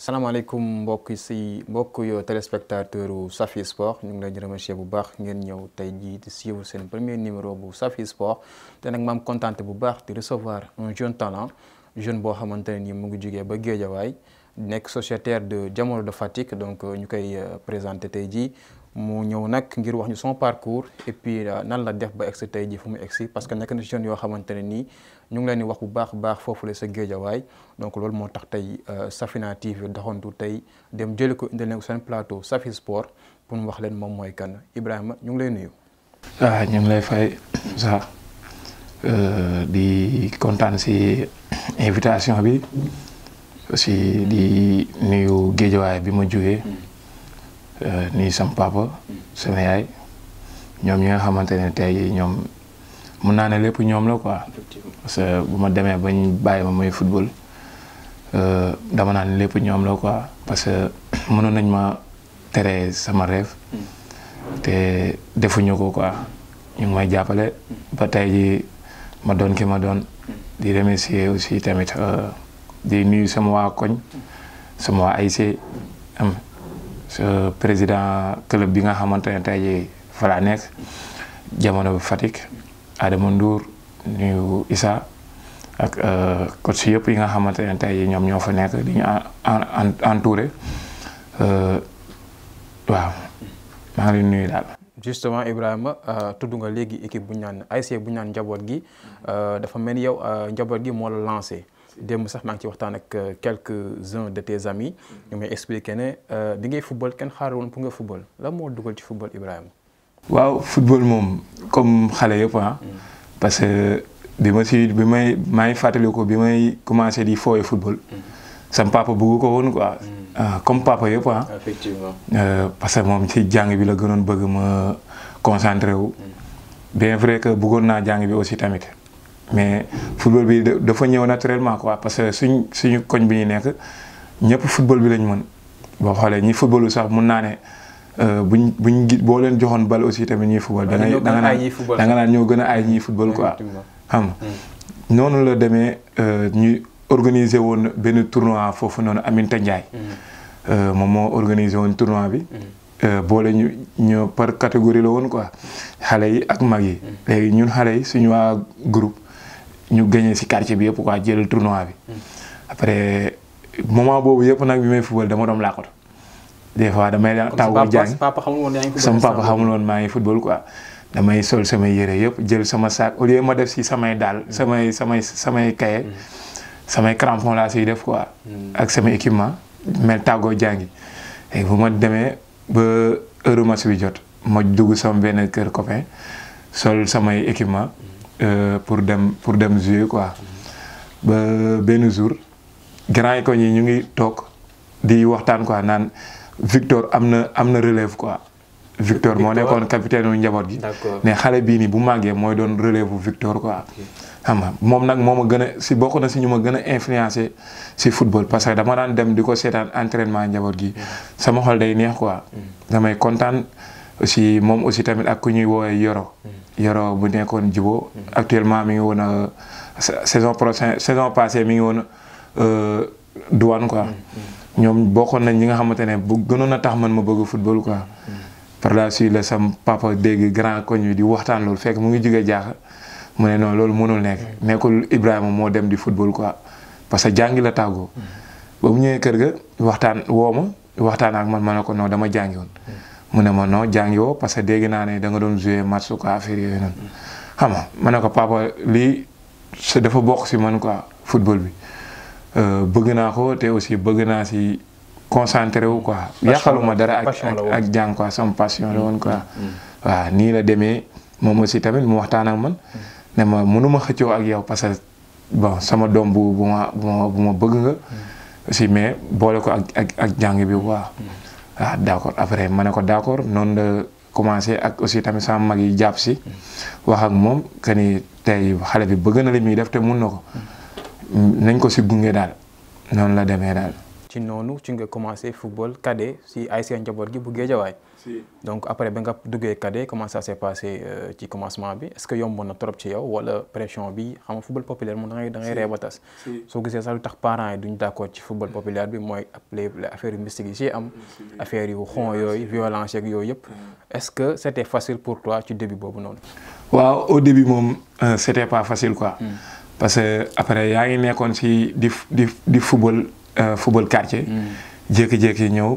salaamaaleykum mbokk si mbokk yoo téléspectateur Safi Sport ñu ngi leen di remercier bu baax ngeen ñëw tey jii di suivre seen premier numéro bu Safi Sport te nag maam contenté bu baax di recevoir un jeune talent jeune boo xamante ne nii mu ngi jógee ba Guédiawaye nekk sociétaire de Jamono de Fatick donc euh, ñu koy euh, présenté tey jii mu ñëw nag ngir wax ñu son parcours et puis euh, nan la def ba ex tay ji fu mu egsi parce que nekk na jeune yo xamantene ni ñu ngi leen di wax bu baax baax fofu le sa géejawaay donc lool mo tax tay euh, Safina TV doxantu tey dem jëli ko indil leen plateau Safi Sport pour mu wax len mom moy kan Ibrahima ñu ngi lay nuyu. ah ñu ngi lay fay sa euh di kontaan si invitation bi aussi di nuyu géejawaay bi ma jógee. Euh, nii sam papa sama yaay ñoom ñi nga xamante ne tey ñoom mun naa ne lépp ñoom la quoi. parce que bu ma demee ba ñu bàyyi ma muy football euh, dama naan lépp ñoom la quoi parce que mënoon nañ ma tere sama rêve. te defuñu ko quoi ñu ngi may jàppale. ba tey ma doon ki ma doon. di remercier aussi tamit euh, di nuyu sama waa koñ sama waa AIC président club bi nga xamante ne tey jii fa nekk jamono bi Fatick Adama nduur nuyu Issa ak euh, coach yëpp yi nga xamante ne tey ñoom ñoo fa nekk di ñu entouré euh, waaw maa ngi leen nuyu daal. justement Ibrahima euh, tudd nga léegi équipe bu ñu naan ASC bu ñu naan njaboot gi dafa mel ni yow njaboot gi moo la lancé. démb sax maa ci waxtaan ak euh, quelques uns de tes amis. ñu may expliqué ne euh, di ngay football ken xaar pour nga football la mo dugal ci football Ibrahim. waaw football mom comme xalé yëpp hein parce que bi ma si bi may maay fàttaliku bi may commencé di fooye football. Mm. sam papa bëgg ko won quoi. Mm. Ah, comme papa yëpp hein effectivement euh, parce que mom ci jang bi la gënoon bëgg ma concentré wu. bien vrai que bëggon na jang bi aussi tamit. mais football bi dafa ñëw naturellement quoi parce que suñ suñu koñ bi ñu nekk ñëpp football bi lañ mën boo xoolee ñi footballu sax mun naa ne euh, buñ buñ gi boo leen joxoon bal aussi tamit ñuy football. da nga da nga naan ñoo gën a ay ñiy football quoi. xam hmm. noonu la demee euh, ñu organiser woon benn tournoi foofu noonu Aminta Ndiaye. Hmm. Euh, moom moo organiser woon tournoi bi. Hmm. boole ñu ñu par catégorie la woon quoi xale yi ak mag yi. léegi ñun xale yi suñu waa groupe. ñu gagné si quartier bi yëpp quoi jël tournoi bi. après moment boobu yëpp nag bi may football dama doon laakoto des fois damay tàggoo jàng sama papa xamul woon maa ngi football quoi. damay sol samay yére yëpp jël sama saak au lieu ma def si samay daal mm. samay samay samay kaye mm. samay crampon laa siy def quoi. Mm. ak samay équipement mel tàggoo jàngi léegi bu ma demee ba heure match bi jot ma dugg sama benn kër copain sol samay équipement. Euh, pour dem pour dem jouer quoi ba benn jour grand yi ko ñi ñu ngi tok di waxtaan quoi Nan Victor amna amna relève quoi. Victor moo nekkoon capitaine wu njaboot gi. ne xalé bi ni bu màggee moy don relève Victor quoi. xam mom nak moma gëna si bokk na si ñuma gëna influencer a si football parce que dama daan dem diko ko entraînement njaboot gi. Mm. sama xol day neex quoi. Mm. damay content aussi mom aussi tamit ak ku ñuy woowee Yoro. Mm. Yoro bu nekkoon Djibo actuellement mi ngi woon euh, a saison prochaine saison passée mi ngi woon euh, Douane quoi. ñoom bokkoon nañ ñi nga xamante ne bu gënoon a tax man ma bëgg football quoi. par la suite la sam papa dégg grand koñ bi di waxtaan loolu fekk mu ngi jugee jaaxa mu ne non loolu mënul nekk nekkul Ibrahima moo dem di football quoi parce que jàngi la tàggoo. ba mu ñëwee kër ga waxtaan woo ma waxtaan ak man ma nekkoon ko dama jàngi mu ne ma non jàngi parce que dégg naa ne da nga doon joué match su ko affaire yooyu noonu xam nga ma ne ko papa lii sa dafa bokk si man quoi football bi euh, bëgg naa ko te aussi bëgg naa si concentré wu yàqalu ma dara ak ak jàng quoi sama passion la woon quoi. Mm, mm, mm. waaw nii la demee moom aussi tamit mu waxtaan ak man ne ma mënuma xëccoo ak yow parce que bon sama doom bu bu ma bu ma bëgg nga. aussi mais boole ko ak ak ak jàng bi waaw. ah d' accord après ma ne ko d' accord noonu la commencé ak aussi tamit sama mag yi jàpp si wax ak moom que ni tey xale bi bëgg na li muy def te mun na ko nañ ko si gunge daal noonu la demee daal. ci noonu ci nga commencé football cadet si ASC Njaboot gi buggee Géejawaay donc après ba ben, nga duggee cadet comment ça s'est passé euh, ci commencement bi est-ce que yomboon na trop ci yow wala pression bi xam football populaire moom da ngay da ngay ree ba tas soo gisee sax lu tax parents et duñ d'accord ci football populaire bi moy affaire mystique ci am affaire yu xon yoy violence ak yoy yep est-ce que c'était facile pour toi tu début bobu non waaw au début mom euh, c'était pas facile quoi hmm. parce que après ya ngi nekkoon ci di di di football euh, football quartier hmm. jékki-jékki ñew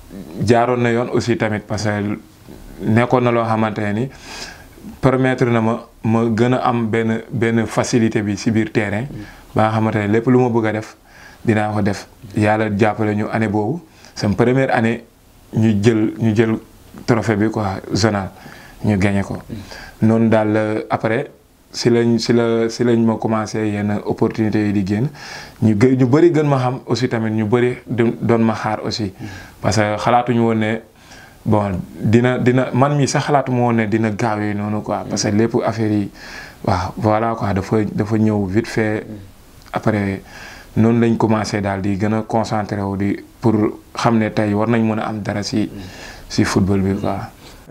jaaroon na yoon aussi tamit parce que nekkoon na loo xamante ne ni permettre na ma ma gën a am benn benn facilité bi si biir terrain baa nga xamante ne lépp lu ma bëgg a def dinaa ko def yàlla jàppale ñu année boobu sama première année ñu jël ñu jël trophée bi quoi zonal ñu gagné ko mm. noonu daal euh, après si lañ si la si lañ ma commencé yenn opportunités yi di génn ñu gë ñu bëri gën ma xam aussi tamit ñu bëri doon ma xaar aussi. parce que xalaatuñu woon ne bon dina dina man mii sax xalaatuma ma woon ne dina gaawee noonu quoi. parce que lépp affaire yi waaw voilà quoi dafa dafa ñëw vite fait après. noonu lañ commencé daal di gën a concentré wu di pour xam ne tey war nañ mën a am dara si si football bi quoi.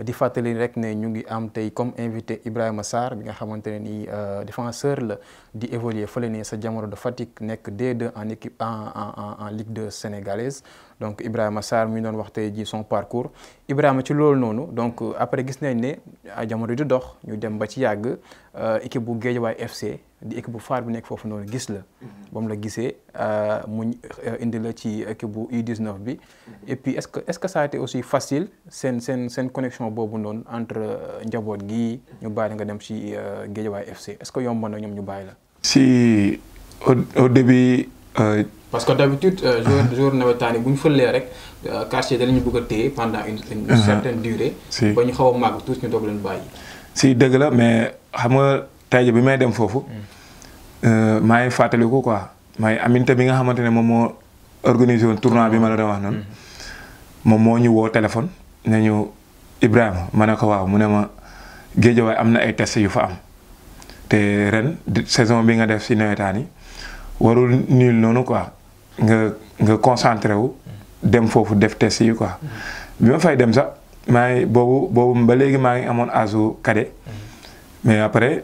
di fàttali rek ne ñu ngi am tey comme invité Ibrahima Sarr bi nga xamante ne nii euh, défenseur la di évoluer fële nii sa jamono de Fatick nekk D2 en équipe en en en Ligue 2 sénégalaise donc Ibrahima Sarr mi doon wax tey ji son parcours Ibrahima ci loolu noonu donc euh, après gis nañ ne ah, jamono di dox ñu dem ba ci yàgg euh, équipe bu Guédiawaye FC di équipe bu faar bu nekk foofu noonu gis la ba mhm. mu la gisee euh, mu euh, indi la ci équipe bu U19 bi mhm. et puis est-ce que est-ce que ça a été aussi facile seen seen seen connexion boobu noonu entre euh, njaboot gi ñu bàyyi nga dem ci Guédiawaye FC est-ce que yomb na ñoom ñu bàyyi la. si au au début. parce que d'habitude joueur uh-huh. joueur nawetaan yi bu ñu fëlee rek quartier danañu bëgg a téye pendant une uh-huh. certaine durée. ba ñu xaw a màgg tuuti ñu doog leen bàyyi. si dëgg la mais xam nga. tey bi may dem foofu. Mm. Euh, maa ngi fàttaliku quoi maa ngi aminte bi nga xamante ne moom moo organisé woon tournoi bi ma la doon wax noonu. Mm-hmm. moom moo ñu woo téléphone ne ñu Ibrahima ma ne ko waaw mu ne ma géejawaay am na ay test yu fa am te ren saison bi nga def si nawetaan yi warul nul noonu quoi nga nga concentré wu dem foofu def test yu quoi. Mm-hmm. bi ma fay dem sax maa ngi boobu boobu ba léegi maa ngi amoon âge cadet mm-hmm. mais après.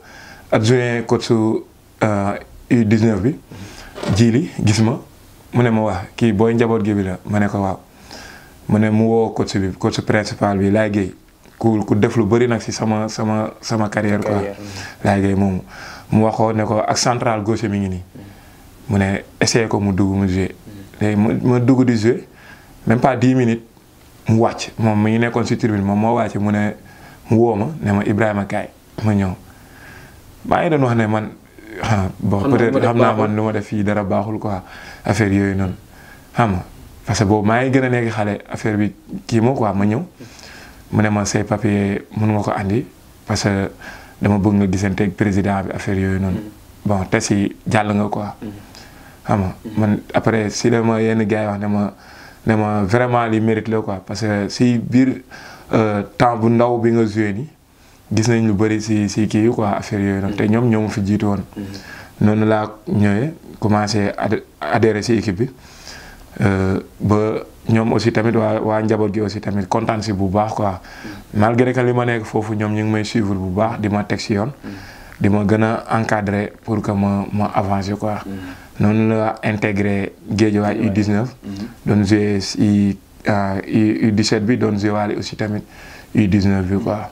adjoint coach su U19 euh, bi jiili gis ma mu ne ma wax kii booy njaboot gi la ma ne ko waaw mu ne mu woo coach bi coach principal bi Laye Guèye ku ku def lu bëri nag si sama sama sama carrière quoi mm-hmm. Laye Guèye moomu mu waxoo ne ko ak central gauche mi ngi nii mu ne essayé ko mu dugg mu joué mm-hmm. léegi ma dugg di joué même pas dix minutes mu wàcc moom mi ngi nekkoon si tribune moom moo wàcc mu ne mu woo ma ne ma Ibrahima kaay ma ñëw maa ngi doon wax ne man ah bon peut xam naa man lu ma def fii dara baaxul quoi affaire yooyu noonu xam nga parce que boobu maa ngi gën a nekk xale affaire bi kii ma quoi ma ñëw mu ne ma say papier mun nga ko andi parce que dama bëgg nga gisante ak président bi affaire yooyu noonu mm-hmm. bon te si jàll nga quoi. Mm-hmm. xam nga mm-hmm. man après si la ma yenn gars yi wax ne ma ne ma vraiment li mérite la quoi parce que si biir euh, temps bu ndaw bi nga joué nii. gis nañ lu bëri si si kii quoi affaire yooyu noonu. te ñoom ñoo ma fi jiitu woon. Mm-hmm. noonu laa ñëwee commencé adhéré si équipe bi euh, ba ñoom aussi tamit waa waa njaboot gi aussi tamit kontaan si bu baax quoi. Mm-hmm. malgré que li ma nekk foofu ñoom ñu ngi may suivre bu baax di ma teg si yoon. Mm-hmm. di ma gën a encadré pour que ma ma avancé quoi. noonu la intégré Guédiawaye U19. doon joué si U17 euh, bi doon joué waale aussi tamit U19 bi quoi.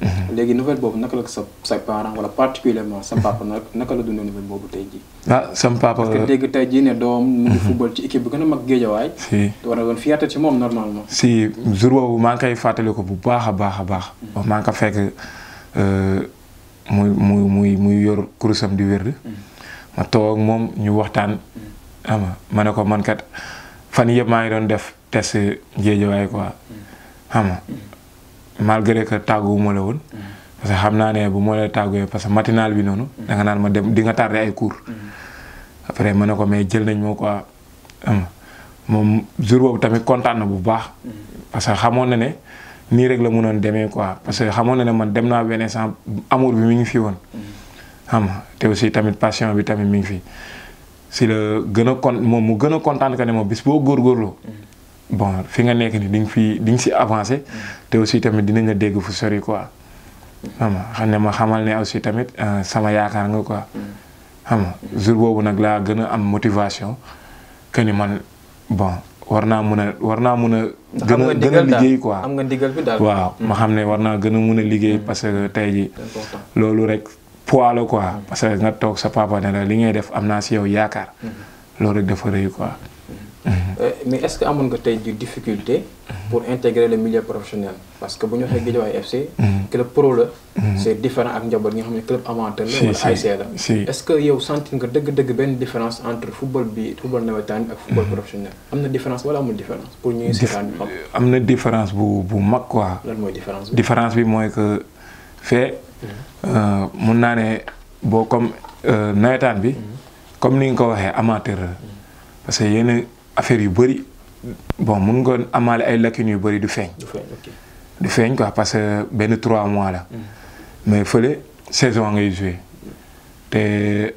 Mhm. léegi nouvelle boobu naka la sa sa parent wala particulièrement sa papa naka la dundee nouvelle boobu tey jii. ah sama tey jii ne doom mu ngi mhm. football ci équipe bi gën a mag géejawaay. si war a doon si jour boobu maa ngi koy fàttali ko bu baax a baax a baax. Mhm. maa ngi ko fekk muy euh, muy muy muy yor kurusam di wér. ma toog moom ñu waxtaan. xam nga ma ne ko man fan yëpp maa ngi doon def test géejawaay quoi xam malgré que tàgguwuma la woon. parce que xam naa ne bu moo la tàgguwee parce que matinal bi noonu. da naan ma dem di nga tardé ay cours. après ma ne ko mais jël nañ ma quoi moom jour boobu tamit kontaan na bu baax. parce que xamoon na ne nii rek la mënoon demee quoi parce que xamoon na ne man dem naa benn sans amour bi mi ngi fi woon. xam te aussi tamit passion bi tamit mi ngi fi si la gën a kon moom mu gën a kontaan que ne moom bis boo góorgóorloo. bon fi nga nekk ni di nga fi di si avancé te aussi tamit dinañ la dégg fu sori quoi xam nga xam ne ma xamal ne aussi tamit euh, sama yaakaar nga quoi xam nga jour boobu nag laa gën a am motivation que ni man bon war naa mën a war naa mën a gën a gën quoi am nga ndigal waaw ma xam ne war naa gën a mun a liggéey mm. parce que tey ji loolu rek poids la quoi mm. parce que nga toog sa papa ne li ngay def am naa si yow yaakaar mm. loolu rek dafa rëy quoi Euh, mais est-ce que amoon nga tey ji difficulté. pour intégrer le milieu professionnel parce que bu ñu waxee Guédiawaye FC. club pro c'est différent ak njaboot nga club amateur la. wala est-ce que yow sentir que dëgg-dëgg benn différence entre football bi football nawetaan ak football mm-hmm. professionnel am différence wala amul différence pour ñu seetaan am différence bu bu mag quoi. différence bi différence que fait mm-hmm. euh, mun naa ne boo comme euh, nawetaan bi. Mm-hmm. comme ni nga ko amateur parce que yene affaire yu bëri bon mun nga amaale ay lacunes yu bëri du feeñ. du feeñ ko parce que benn trois mois la. Mm. mais fële saison ngay joué te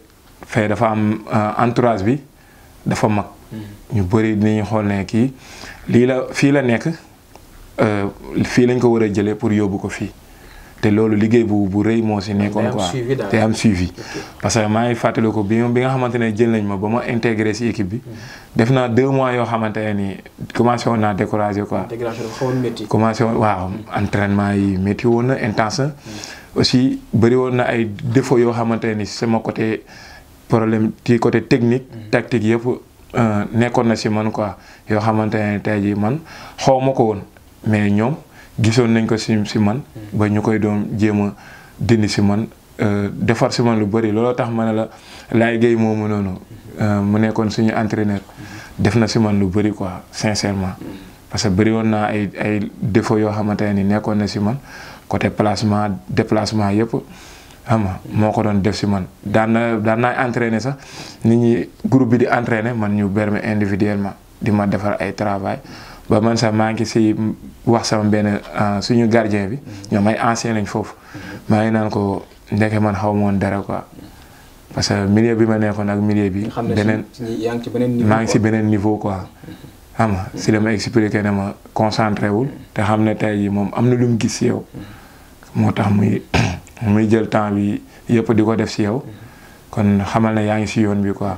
fee dafa am euh, entourage bi dafa mag. Mm. ñu bëri dinañu xool ne kii lii la fii la nekk euh, fii lañ ko war a jëlee pour yóbbu ko fii. te loolu liggéey bu bu rëy moo quoi te am suivi parce que maa ngi fàttali ko bi bi nga xamante ne jël nañ ma ba ma intégré équipe bi mm. def naa deux mois yoo xamante ne nii commencé woon naa découragé quoi commencé woon waaw entraînement yi métti woon intense mm. aussi bëri woon na ay défaut yoo xamante ne ni sama côté problème ci côté technique mm. tactique yëpp euh, nekkoon na si man quoi yoo xamante ne tey jii man xaw ma ko woon mais ñoom gisone nagn ko si si man hmm. ba ñukoy doom jema, dindi si man euh, defar ci man lu bari lolo tax ma ne la laay géey moomu noonu euh, mu nekkon suñu entraîneur hmm. def na man lu bari quoi sincèrement hmm. parce que bari woon ay ay défaut yo xamanteni ne na si man côté placement déplacement yépp ama moko don ko def ci man da na da na entraîner sax nit ñi groupe bi di entraîner man ñu berme individuellement di ma defar ay travail ba man sax maa ngi si wax sama benn ah, suñu gardien bi mm-hmm. ñoo may ancien lañ foofu mm-hmm. maa ngi naan ko ndeke man xaw ma woon dara quoi parce que milieu bi ma nekkoon ak millier bi. beneen maa ngi si beneen niveau quoi. Mm-hmm. xam nga si la ma expliqué ne ma concentré wul te xam ne tey moom am na lu mu gis si yow moo tax muy muy jël temps bi yëpp di ko def si yow kon xamal ne yaa ngi si yoon bi quoi.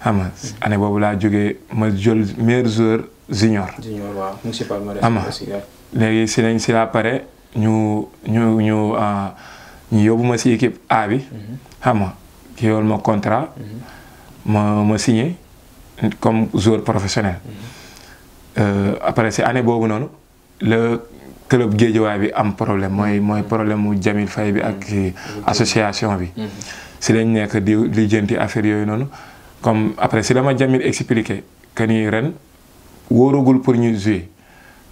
xam nga année boobu laa jóge ma jël meilleur joueur junior. junior waaw ma xam nga léegi si lañ si laa pare ñu ñu ñu ah, ñu yóbbu ma si équipe A bi. Mhm. xam nga yoon ma contrat. Mhm. ma ma signé comme joueur professionnel. Mhm. Euh, après si année boobu noonu la club Guédiawaye bi am problème mooy mooy problème mu Jamil Faye bi ak association bi. si lañ nekk di lijjanti affaire yooyu noonu. comme après si dama Jamil expliqué que ni ren wóoragul pour ñu jouer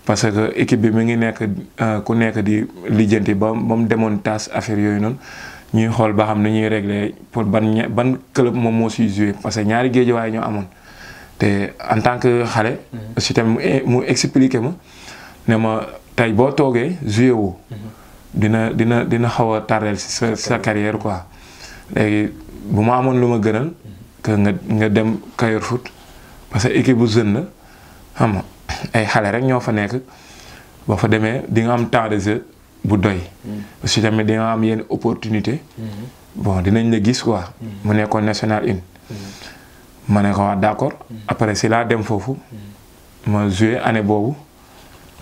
parce que équipe bi mu ngi nekk euh, ku nekk di lijjanti ba ba mu demoon tas affaire yooyu noonu ñuy xool ba xam ni ñuy régle pour ban ban club moom moo si jouer parce que ñaari géejewaay ñoo amoon. te en tant que xale. Mhm. aussi e, mu expliqué ma ne ma tey boo toogee jouer woo. Mhm. dina dina dina xaw a tardel si sa sa carrière quoi bu ma amoon lu ma gënal. Mhm. nga nga dem Kayor Foot parce que équipe bu jeune la xam nga ay xale rek ñoo fa nekk boo fa demee di nga am temps de jeu bu doy. parce mm-hmm. que tamit di nga am yenn opportunité. Mm-hmm. bon dinañ la gis quoi. Mm-hmm. mu nekkoon national une. ma ne ko waa ah, d' accord. après si laa dem foofu. ma joué année boobu.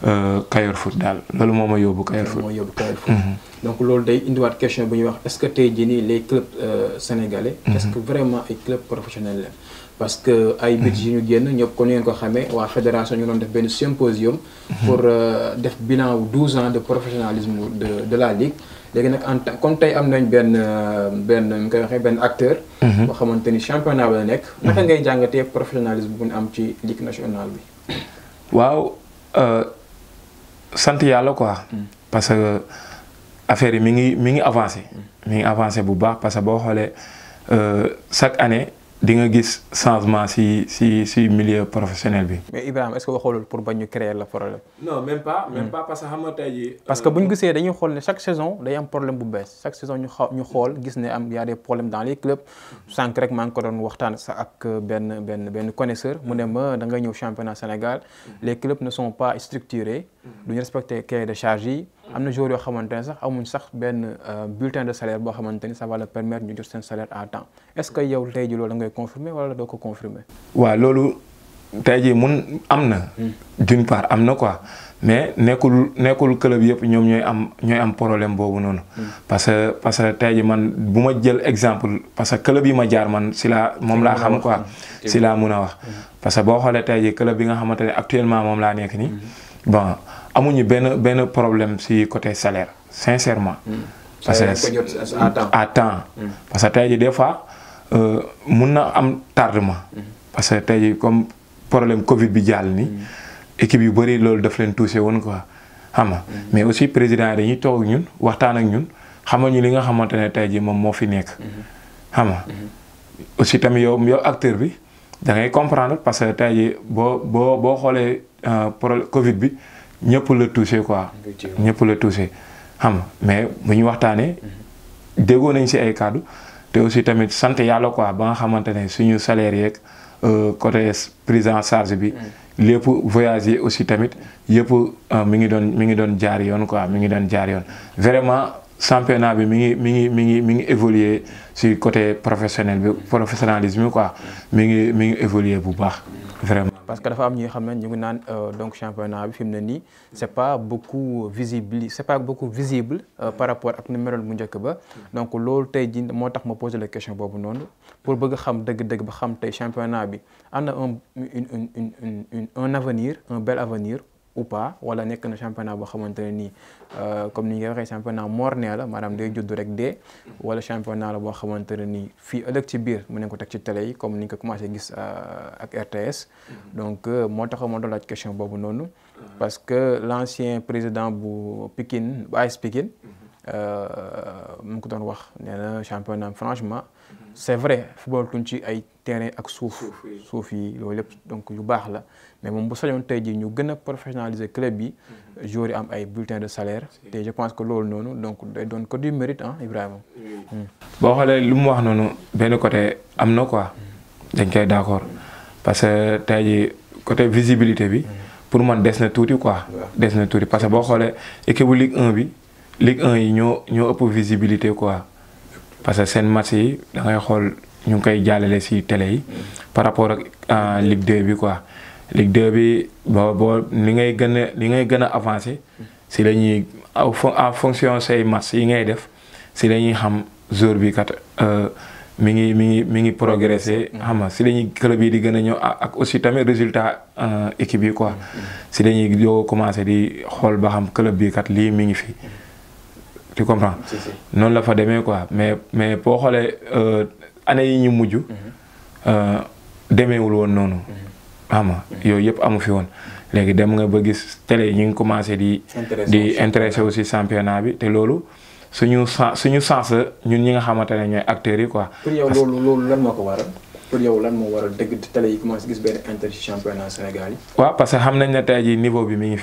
Euh, Kayor Foot daal loolu moo ma yóbbu Kayor Foot. moo yóbbu Kayor Foot. Mhm. donc loolu day indiwaat question bu ñuy wax est-ce que tey jii les clubs euh, sénégalais. Mhm. est-ce que vraiment ay clubs professionnels parce que ay bit yi ñu génn ñëpp comme ni ko xamé wa fédération ñu doon def ben symposium. Mhm. pour euh, def bilan 12 ans de professionnalisme de de la ligue. légui nak en tant comme tey am nañ ben ben ñu koy waxee benn acteur. bo xamanteni championnat ba la nekk. naka ngay jàngatee professionnalisme bu ñu am ci ligue nationale bi. waaw. euh sant yalla quoi. Mm. parce que affaire mi ngi mi ngi avancer mm. mi ngi avancer bu baax parce que xolé euh, chaque année di nga gis changement si si si milieu professionnel bi. mais Ibrahim est-ce que waxoo pour bañ créer le problème. non même pas même mm. pas parce que xam nga parce que bu ñu euh, dañuy chaque saison day am problème bu bees chaque saison ñu ñu xol gis ne am y a des problèmes dans les clubs sànq rek man ko don waxtaan sa ak ben ben ben connaisseur mu né ma da nga ñëw championnat Sénégal les clubs ne sont pas structurés. duñu respecté cahier de charge yi am na jour yoo xamante ne sax amuñ sax benn bulletin de salaire boo xamante ni ça va le permettre ñu jot seen salaire à temps est ce que yow tey ji loolu da ngay confirmer wala doo ko confirmer waaw loolu tey ji mun am na d'une part am na quoi mais nekkul nekkul club yëpp ñoom ñooy am ñooy am problème boobu noonu parce que parce que tey ji man bu ma jël exemple parce que club yi ma jaar man si laa moom laa xam quoi si laa mun a wax parce que boo xoolee tey ji club bi nga xamante ne actuellement moom laa nekk nii bon amuñu ben ben problème si côté salaire sincèrement. Hmm. parce que à temps hmm. parce que tey des fois euh na am tardement. Hmm. parce que tey comme problème Covid bi jàll ni équipe yu bari lolou daf leen touché won quoi xam mais aussi président yi dañuy ñun waxtaan ak ñun xamal ñu li nga xamantene ne tey jii fi nek xam aussi tam yow yo acteur bi da ngay comprendre parce que tey jii bo bo bo xoolee euh, pro Covid bi. ñëpp la touché quoi. ñëpp la touché xam mais bu ñu waxtaanee. Mhm. déggoo nañ si ay kàddu te aussi tamit sant yàlla quoi ba nga xamante ne suñu salaire yeeg euh, côté prise en charge bi. Mhm. lépp voyage yi aussi tamit yëpp euh, mi ngi doon mi ngi doon jaar yoon quoi mi ngi doon jaar yoon vraiment. championnat bi mi ngi mi ngi mi ngi mi ngi évoluer si côté professionnel bi professionnalisme bi quoi mhm. mi ngi mi ngi évoluer bu baax parce que dafa am ñi xam ngi euh, donc championnat bi fimné ni c'est pas beaucoup visible c'est pas beaucoup visible euh, par rapport ak numéro bu njëkk ba donc lool tay ji motax ma poser la question bobu non pour bëgg xam dëgg-dëgg ba xam tay championnat bi un une une une un avenir un bel avenir ou pas wala nekk na championnat boo xamante ne nii comme ni nga waxee championnat morne la maanaam day judd rek dee wala championnat la boo xamante ne nii fii ci biir mën nañ ko teg ci télé yi comme ni nga ko commencé gis ak RTS donc moo tax ma doon laaj question boobu noonu parce que l'ancien président bu Pikine bu AS Pikine Euh, mon ko doon wax un championnat franchement c'est vrai football ci ay terrain ak souffle souffle yi donc yu baax la mais mon bu sañoon tey jii ñu gën a professionnaliser club mhm. j'aurai un am ay bulletin de salaire Et je pense que loolu non, donc day doon ko du mérite hein, Ibrahim. Hmm. boo xoolee lu mu wax ben le côté am quoi dañ d'accord parce que tey côté visibilité bi hmm. pour man des na tuuti quoi des na parce que boo xoolee équipe bu Ligue 1 bi Ligue 1 yi ñoo ñoo ëpp visibilité quoi parce que seen match yi da xool ñu ngi koy jàllale si télé yi par rapport ak Ligue 2 bi quoi Ligue bi boo ngay gën a li ngay gën a avancé si la ñuy en fonction say match yi ngay def si la ñuy xam jour bi kat euh, mi ngi mi ngi mi ngi progressé xam nga si la ñuy club yi di gën a ñëw ak aussi tamit résultat euh, équipe yi quoi mm-hmm. si la ñuy doo commencé di xool ba xam club bi kat lii mi ngi fi. tu comprends. non la fa demee quoi mais mais pour euh année yi ñu mhm. euh pas wul won nonu mhm. nga mhm. yooyu yep amu fi won légui télé commencé di. di aussi championnat bi te lolu suñu suñu sens ñun ñi nga ne quoi. pour yow lolu lolu lan pour yow lan mo waral dëgg télé yi commencé gis parce que xam nañ niveau bi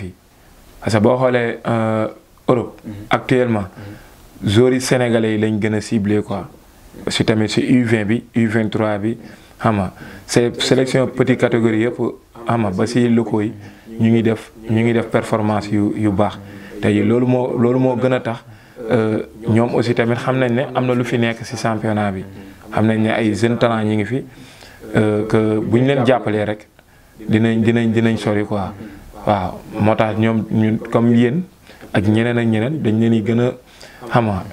parce que Europe mhm. actuellement joueurs mhm. sénégalais yi lañ ciblé quoi si à si U20 bi U23 bi xam nga c'est sélection petite catégorie yëpp ama. nga ba si locaux yi ñu ngi def ñu ngi def performance yu yu baax tey loolu moo loolu moo gën a tax euh, ñoom aussi tamit xam nañ ne am na lu fi nekk si championnat bi xam nañ ne ay jeunes talent ñi ngi fi euh, que bu ñu leen jàppalee rek dinañ dinañ dinañ sori quoi waaw moo tax ñoom ñun comme yéen ak ñeneen ak ñeneen dañ leen di gën a xama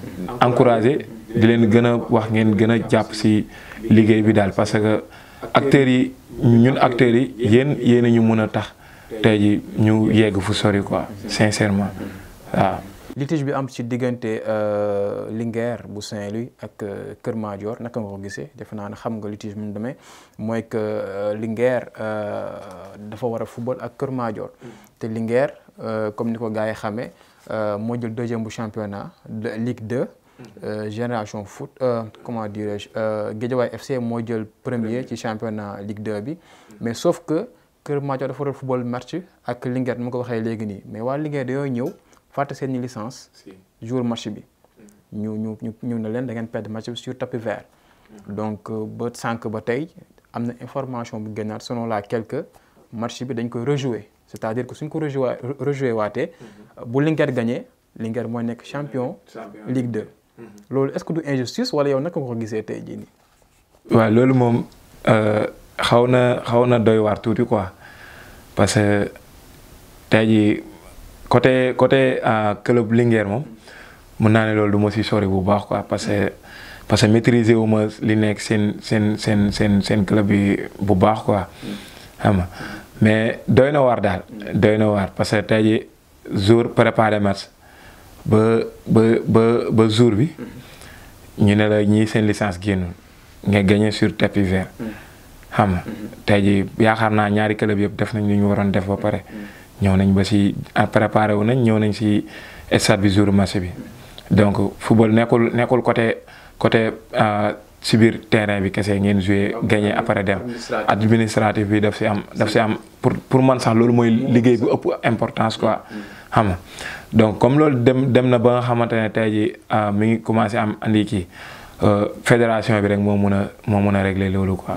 encouragé di leen gën a wax ngeen gën a jàpp si liggéey bi daal parce que acteurs yi ñun acteurs yi yéen yéen ñu mën a tax te ñu yegg fu sori quoi sincèrement waaw. litige bi am ci diggante euh, Linguère bu Saint-Louis ak euh, Kër Madior naka nga ko gisee defe naa ne xam nga litige bi mu demee mooy que euh, Linguère dafa war a football ak Kër Madior te Linguère comme ni ko gars yi Euh, module deuxième du championnat de Ligue 2. Mhm. Euh, génération foot euh, comment dirais-je Guédiawaye FC module premier premier ci championnat Ligue 2 bi. Mhm. mais sauf que Kër match de football match ak Linguère nous ko waxee les mais voilà Linguère dañoo ñëw fàtte cette licence. jour match bi. Mhm. ñu ñu ñu ñu ne leen da perdre match sur tapis vert. donc cinq sànq ba tey information bu gënaat selon la quelques match bi dañ koy rejouer c'est-à-dire que suñ ko rejouer waatee bu gagné Linker champion nek champion. Ligue 2. Mhm. est-ce que du injustice wala yow ou nga ko gisee tay euh, xawna parce que côté côté euh, club Linker mom sori bu baax parce que parce que maîtriser wu ma club mais parce jour préparé match ba ba ba ba jour bi ñu ne la ñii seen licence génnul nga gagné sur tapis vert xam nga tey jii yaakaar naa ñaari club yëpp def nañ lu ñu waroon def ba pare ñëw nañ ba si ah, préparé wu nañ ñëw nañ si stade bi jour match bi donc football nekkul nekkul côté côté. Ah, si biir terrain bi kese ngeen joué gagné après dem administratif bi daf si am daf si am pour pour man sax loolu mooy liggéey bu ëpp importance quoi xam donc comme loolu dem dem na ba nga xamante ne tey jii euh, mi ngi commencé am andi kii euh, fédération bi rek moo mun a moo mun a régler loolu quoi.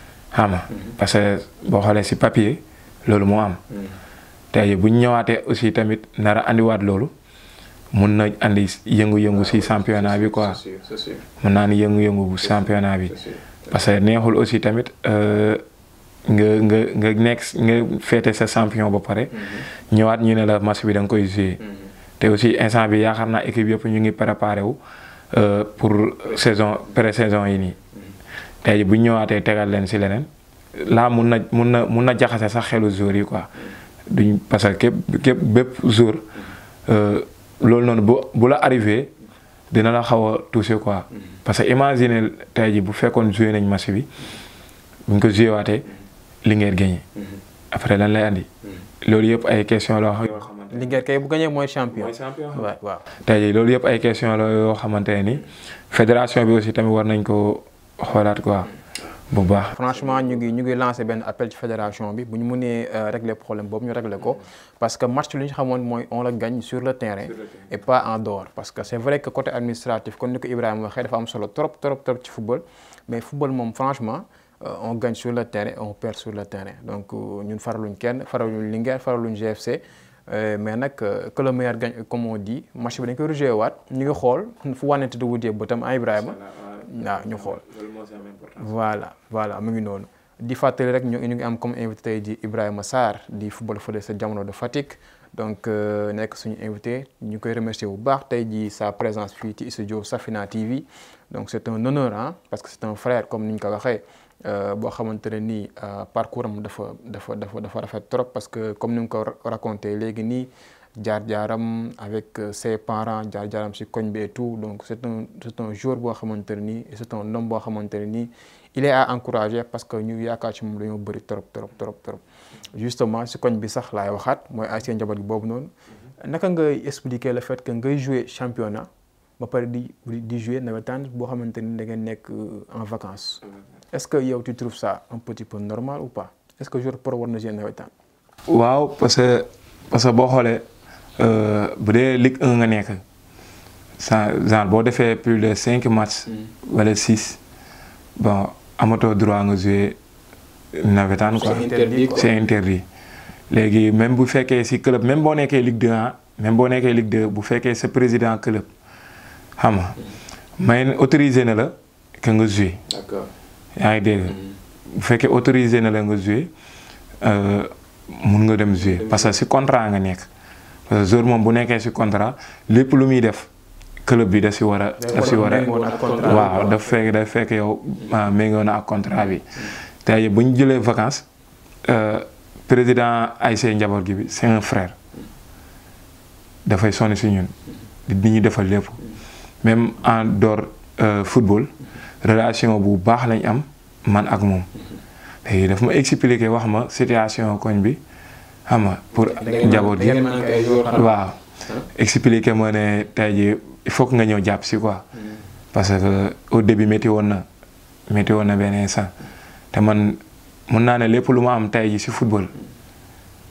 xam nga mm-hmm. parce que boo xoolee si papier loolu moo am. Mm-hmm. tey bu ñu ñëwaatee aussi tamit nar a andiwaat loolu mun na andi yëngu-yëngu si championnat bi quoi. mun naa ni yëngu bu championnat bi. parce que neexul aussi tamit euh, nga nga nga nekk nga féete sa champion ba pare. Mm-hmm. ñëwaat ñu ne la match bi da nga koy joué. te aussi instant bi yaakaar naa équipe yëpp ñu ngi préparé wu euh, pour saison pré saison yi nii. tay bu ñëwaaté tégal leen ci leneen la mu na mu na mu na jaxase sax xélu jour yi quoi duñ passal képp képp bépp jour euh loolu noonu bu bu la arrivé dina la xaw a touché quoi parce que imagine tay ji bu fekkoon joué nañ match bi buñ ko joué waatee Linguère gagné après lan lay andi loolu yëpp ay question la yoo li Linguère kay bu gagné mooy champion mooy champion waaw waaw tay ji loolu yëpp ay question la yoo xamante ni fédération bi aussi tamit war nañ ko quoi bu franchement nous ngi ñu ngi lancé benn appel ci fédération bi bu ñu euh, régler problème boobu ñu régler parce que match li ñu on la gagne sur le terrain et pas en dehors parce que c'est vrai que côté administratif comme ni ko Ibrahima waxee dafa am solo trop trop trop ci football mais football franchement. Euh, on gagne sur le terrain on perd sur le terrain donc euh, ñun faraluñ kenn faraluñ Linguère faraluñ GFC mais nag que le meilleur gagne comme on dit match bi dañ koy rejoué waat ñu ngi xool fu wànnante ba tam hein, Ibrahima voilà voilà c'est ngi Nous di rek ñu invité football de de fatigue donc euh, nous avons invité Nous koy remercier bu sa présence sur Safina TV donc c'est un honneur hein, parce que c'est un frère comme nous euh, dit. Euh, parcours trop parce que comme nous l'avons raconté jaar avec euh, ses parents jaar-jaaram si koñ et tout donc c'est un c'est un joueur bo xamanteni ni et c'est un homme bo xamanteni ni il est à encourager parce que ñu yaakaar ci moom dañoo bëri trop trop trop trop. justement si koñ bi sax lay waxat moy ay seen njaboot gi boobu noonu. naka ngay expliquer le fait que ngay jouer championnat ba pare di di jouer nawetaan bo xamanteni ni da ngeen nek euh, en vacances. est ce que yow tu trouves ça un petit peu normal ou pas est ce que joueur pro war na jouer nawetaan. waaw parce que parce que boo xoolee. Euh, bu de Ligue 1 nga genre de faire plus de 5 matchs. Mm. wala six bon droit jouer c'est interdit même si club même Ligue même Ligue président club mm. autorisé jouer. d'accord mm. autorisé jouer euh, jouer parce que contrat Euh, joueur moom bu nekkee si contrat lépp lu muy def club bi da si war a si war a daf fekk daf fekk yow euh, méngoo na ak contrat bi tey bu ñu jëlee vacances euh, président ay ASC njaboot gi bi c'est un frère dafay sonn si ñun di ñu defal lépp même en dehors football relation bu baax lañ am man ak moom léegi daf ma expliquer wax ma situation koñ bi xam nga pour njaboot gi waaw expliqué ma ne tey jii il faut que nga ñëw jàpp si quoi parce que au début métti woon na métti woon na benn instant te man mun naa ne lépp lu ma am tey ji si football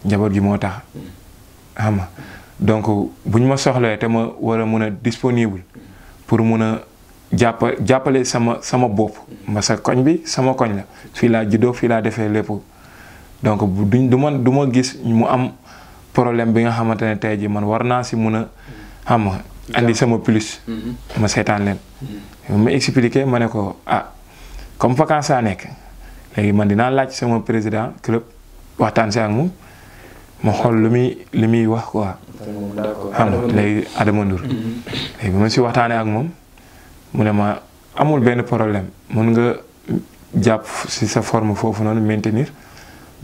njaboot gi moo tax xama donc bu ñu ma soxlawee te ma war a mun a disponible pour mun a jàpp jàppale sama sama bopp. ma que koñ bi sama koñ la fii laa juddoo fii laa defee lépp. donc duñ duma duma gis mu am problème bi nga xamantene tay ji man warna ci mëna xam andi sama plus mhm. ma sétane len mhm. ma expliquer mané ko ah comme vacances nek légui man dina laaj sama président club waxtan ci ak mu ma xol limi limi wax quoi xam légui adama ndour mhm. légui ma ci waxtane ak mom mu ma amul ben problème mën nga japp ci sa forme fofu non maintenir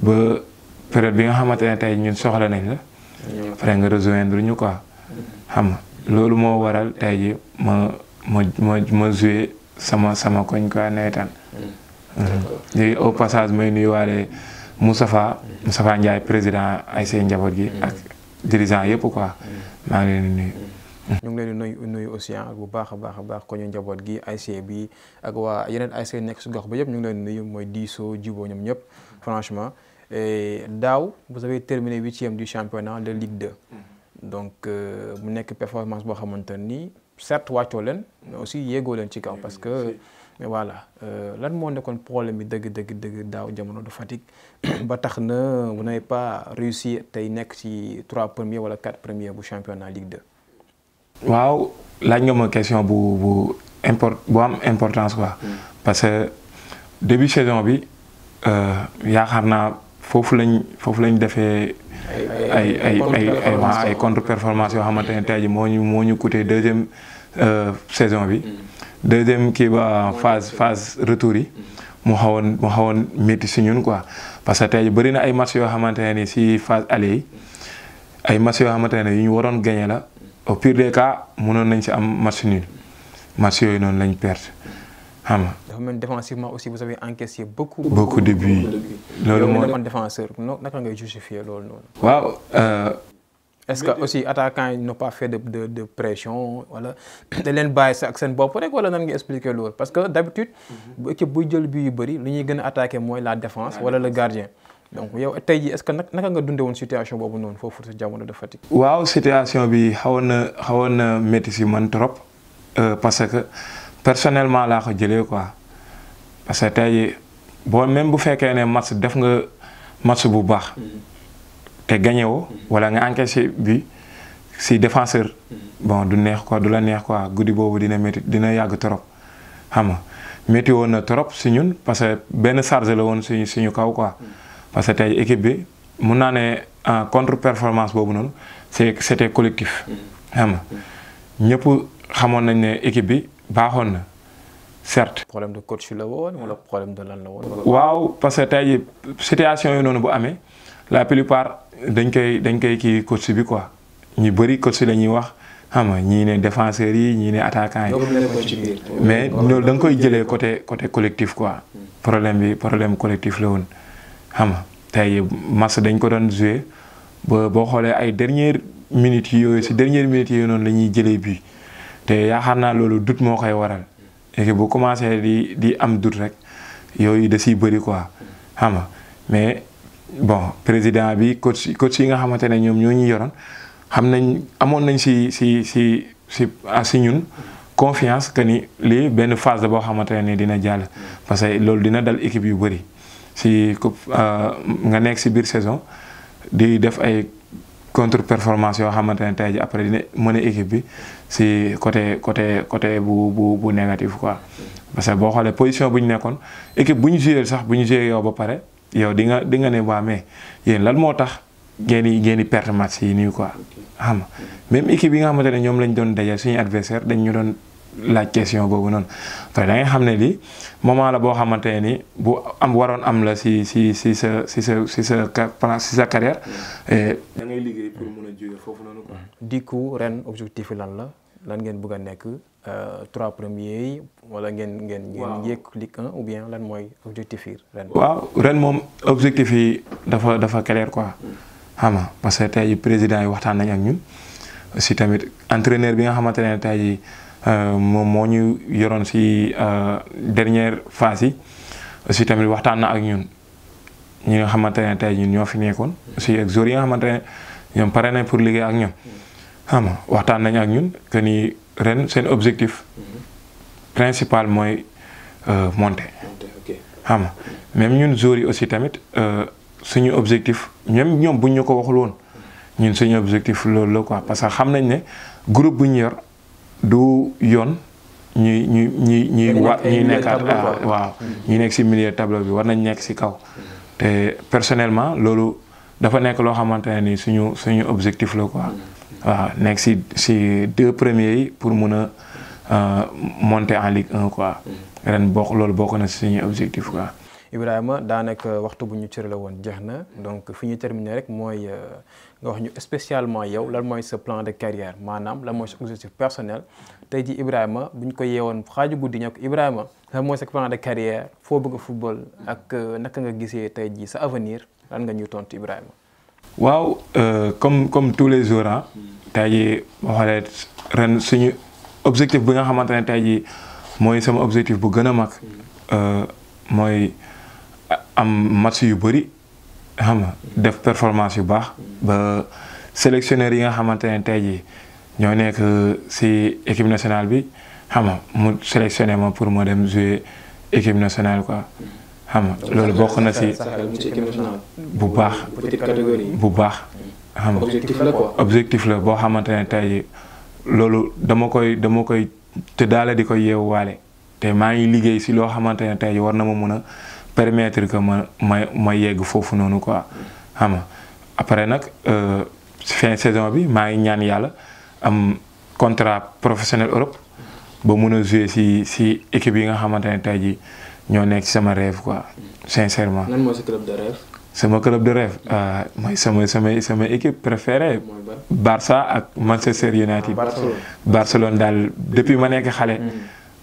ba période bi nga xamante ne tey ñun soxla nañ la. après nga rejoindre ñu quoi. xam nga loolu moo waral tey ji ma ma ma sama sama koñ quoi nawetaan. léegi hmm. hmm. au passage may nuyuwaale Moustapha hmm. Moustapha Ndiaye président ay seen njaboot gi. ak dirigeant yëpp quoi. maa ngi leen di nuyu. ñu ngi leen di nuyu nuyu ah, bu baax a baax a baax koñu njaboot gi ICA bi ak waa yeneen ICA nekk su gox ba yëpp ñu ngi leen nuyu mooy diisoo juboo ñoom ñëpp franchement. Et Dao, vous avez terminé 8e du championnat de Ligue 2. Mhm. Donc, vous n'avez que performance pour Certes, vous avez mais aussi Yego Lenchika. Parce que, mais voilà, là, nous avons un problème de, de, de, de Dao, de fatigue. vous n'avez pas réussi à être 3 premiers ou 4 premiers du championnat Ligue 2. Wow, là, nous une question qui import, importance. Quoi. Hmm. Parce que, début de saison, il y a foofu lañ foofu lañ defee ay ay contre performance yoo xamante ne tey jii moo ñu moo ñu coûté deuxième euh, saison bi mm. deuxième kii ba phase phase retour yi mm. mu xawoon mu xawoon métti si ñun quoi parce que tey jii bëri na ay match yoo xamante ne ni si phase aller yi ay match yoo xamante yu ñu waroon gagné la au pire des cas mënoon nañ si am match nul match yooyu noonu lañ perte xam nga même défensivement aussi vous avez encaissé beaucoup. beaucoup de buts loolu moo nekkoon défenseur que ngay justifier loolu noonu. euh... est-ce que aussi attaquant n'ont pas fait de de de pression voilà de leen bàyyi sa ak seen bopp rek wala expliquer parce que d'habitude. bu équipe buy le but yu bëri li ñuy gën attaquer mooy la défense wala le gardien. donc yow tey est-ce que naka nga dundee woon situation boobu noonu foofu sa jamono de fatigue Wow situation bi xawoon na xawoon si man trop euh, parce que personnellement là ko jëlee quoi parce que même bu fekkee match def nga match bu baax. te gagné wala nga encaissé bi si défenseur. bon du neex quoi du la neex quoi goudi bobu dina metti dina yag trop xam nga trop si ñun parce que ben chargé la kaw quoi. parce que tay équipe bi en contre performance bobu non c'est c'était collectif. xam nga ñëpp nañ équipe bi certes. problème de coach la ou le problème de lan la woon. waaw parce que tey situation yooyu non bu amee la plupart dañ koy dañ qui kii coach bi quoi Ni bari coach la ñuy wax xam nga ñii ne défenseurs yi ne attaquant. yi. mais nous donc nga koy jëlee côté côté collectif quoi. problème bi problème collectif la won. xam nga tey match dañ ko doon jouer, bo boo xoolee ay dernière minute yooyu ci dernière minute yooyu non lañuy jëlé jëlee bi te yaakaar lolu doute dut moo waral. et bu commencé di di am doute rek yooyu da siy bëri quoi xam mais bon président bi coach coach yi nga xamante ne ñoom ñoo ñu yoroon xam nañ amoon nañ si si si si ah, si ñun confiance que ni lii benn phase la boo xamante ne ni dina jàll. parce que loolu dina dal équipe yu bëri si euh, nga nekk si biir saison di def ay. contre performance yoo xamante ne tey ji après dina mën équipe bi si côté côté bu bu bu négatif quoi. parce que boo xoolee position bu ñu nekkoon équipe bu ñu joué sax bu ñu yow ba pare yow di nga di ne waa mais yéen lan moo tax ngeen di ngeen di perte match yi nii quoi. xam même équipe yi nga xamante ne ñoom lañ doon dajal suñu adversaire dañ doon. la question boobu non fay da ngay xamné li lii moment la bo xamante ni bu am waroon am la si si si sa si sa si sa si sa carrière. da ngay liggéey pour mëna a fofu nonu noonu quoi. du coup ren objectif lan la lan ngeen bëgga a nekk euh, trois premiers yi wala ngeen ngeen. ngeen yéeg Ligue 1 ou bien lan moy objectif ren. waaw ren mom objectif yi dafa dafa clair quoi. xama parce que tey président yi waxtaan nañ ak ñun aussi tamit entraîneur bi nga xamante ne tey Euh, moom moo ñu yoroon si euh, dernière phase yi aussi tamit waxtaan na ak ñun ñi nga xamante ne tey ñun ñoo fi nekkoon aussi ak joueurs yi nga xamante ne ñoom pare nañ pour liggéey ak ñoom xam waxtaan nañ ak ñun que nii ren seen objectif principal mooy euh, monter. xam nga même ñun joueurs yi aussi tamit suñu objectif même ñoom buñ ñu ko waxul woon ñun suñu objectif loolu la parce que xam nañ ne groupe bu ñu yor. du yoon ñuy ñuy ñuy ñuy ñuy ah, waaw ñuy nekk si millier tableau bi war nañ nekk si kaw te personnellement loolu dafa nekk loo xamante ne ni suñu suñu objectif la quoi waaw nekk si si deux premiers yi pour mun a euh, monter en Ligue 1 quoi ren bokk loolu bokk na si suñu objectif quoi Ibrahima daanaka waxtu bu ñu cërale woon jeex na donc fi ñuy terminer rek mooy euh, nga wax ñu spécialement yow lan moy ce plan de carrière manam lan moy objectif personnel tey jii Ibrahima buñ ko yewon xaju guddi ñoo Ibrahima lan moy ce plan de carrière fo bëgg football ak euh, naka nga gisé tey jii sa avenir lan nga ñu tontu Ibrahima. waaw euh, comme comme tous les jours ah. tey jii ren suñu objectif bi nga xamante ne tey jii sama objectif bu gëna mak euh moy am match yu bari xam def performance yu baax. ba sélectionneur yi nga xamante ne tey jii ñoo nekk si équipe nationale bi xam mu sélectionné ma pour ma dem jouer équipe nationale quoi xam nga loolu bokk na si bu baax bu baax xam nga objectif la boo xamante ne tey loolu dama koy dama koy te daala di koy yeewuwaale te maa ngi liggéey si loo xamante ne tey jii war na ma mun a permettre que ma ma ma yegg foofu noonu ko xam après euh, fin saison bi ma ngi ñaan yalla am contrat professionnel Europe ba mëna jouer si si équipe yi nga xamante tay ji ño nek ci sama rêve quoi sincèrement. nan mo sa club de rêve. c'est mon club de rêve euh, mooy sama sama sama équipe préférée Barça ak Manchester United. Ah, Barcelone dal depuis ma nekk xale. Hmm.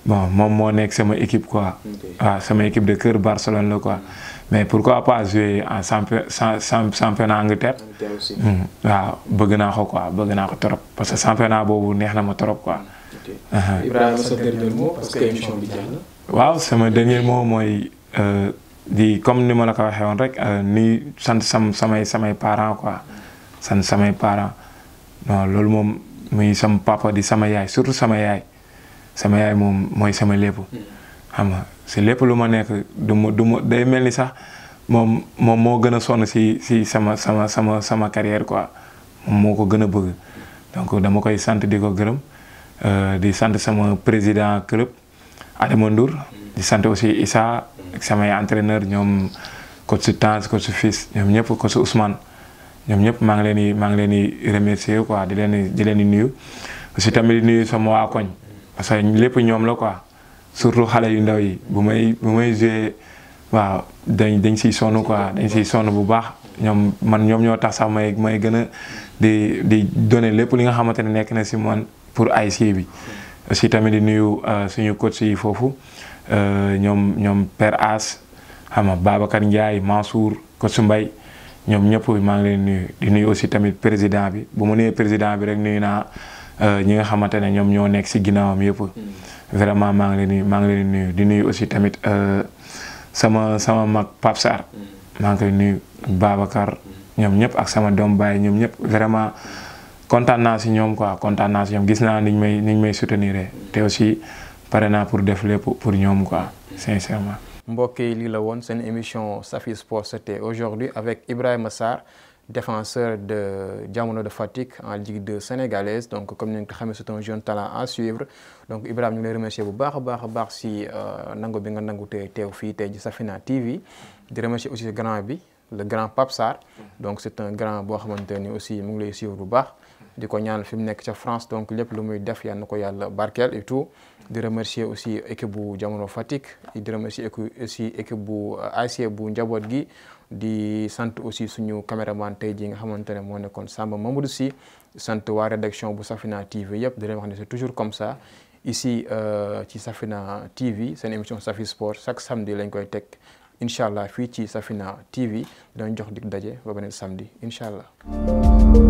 bon mom mo nek sama équipe quoi. ah, sama équipe de cœur Barcelone là quoi. Hmm. mais pourquoi pas jouer en championnat Angleterre. Hmm. waaw bëgg naa ko quoi bëgg naa ko trop parce que championnat boobu neex na ma trop quoi. Uh-huh. Ibrahima waaw sama dernier moom mooy euh, di comme ni ma la ko waxee woon rek euh, ni sant sam samay samay parents quoi sant samay parents non loolu moom muy sama papa di sama yaay surtout sama yaay sama yaay moom mooy sama lépp hmm. xam si lepp lu ma duma du du day melni sax mom mom mo gëna son ci si si sama sama sama sama carrière quoi moom moo ko bëgg donc dama koy sante diko gërem euh, di sante sama président club Adama Ndour di sante aussi Issa ak sama entraîneur ñom coach Tans coach Fils ñom ñep coach Ousmane ñom ñep ma ngi leni ma ngi leni remercier quoi di leni di leni nuyu aussi tamit nuyu sama wa koñ parce que lepp ñom la quoi surtout xale yu ndaw yi bu may bu waaw dañ dañ siy sonn quoi dañ si sonn bu baax ñoom man ñoom ñoo tax sax may may gën a di di donné lépp li nga xamante ne nekk na si man pour ASC bi. aussi tamit di nuyu euh, suñu coach yi foofu euh, ñoom ñoom Père As xam nga Babacar Ndiaye Mansour coach Mbaye ñoom ñëpp maa ngi leen nuyu di aussi tamit président bi bu ma nuyee président bi rek nuyu naa euh, ñi nga xamante ne ñoom ñoo nekk si ginnaawam yëpp. vraiment maa ngi leen maa ngi leen di nuyu di nuyu aussi tamit euh, sama sama mag Pape Sarr mm. maa nuyu Babacar mm. ñoom ñëpp ak sama doom baay ñoom ñëpp vraiment kontaan naa si ñoom quoi kontaan naa si ñoom gis naa niñ may niñ may soutenir te aussi pare naa pour def lépp pour ñoom quoi sincèrement mbokk yi lii la woon seen émission Safi Sport c'était aujourd'hui avec Ibrahima Sarr défenseur de Diamono de Fatik en Ligue 2 sénégalaise donc comme nous le savons, c'est un jeune talent à suivre donc Ibrahim, ñu ngi beaucoup, remercier beaucoup beaucoup si euh, Nango bi nga nangu te Safina TV Je remercier aussi grand bi le grand Papsar. donc c'est un grand boo xamante aussi mu ngi lay suivre bu baax le film France donc lépp lu muy def yal ko Barkel et tout Je remercier aussi équipe de Diamono Je je remercier aussi équipe bu ASC euh, bu njaboot di sante aussi suñu cameraman tey jii nga xamante ne moo Samba Mamadou si sante wa rédaction bu Safina TV yep di leen wax ne c'est toujours comme ça ici euh, ci Safina TV une émission Safi Sport chaque samedi lañ koy tek inshallah fi ci Safina TV dañ jox dik daje ba beneen samedi inshallah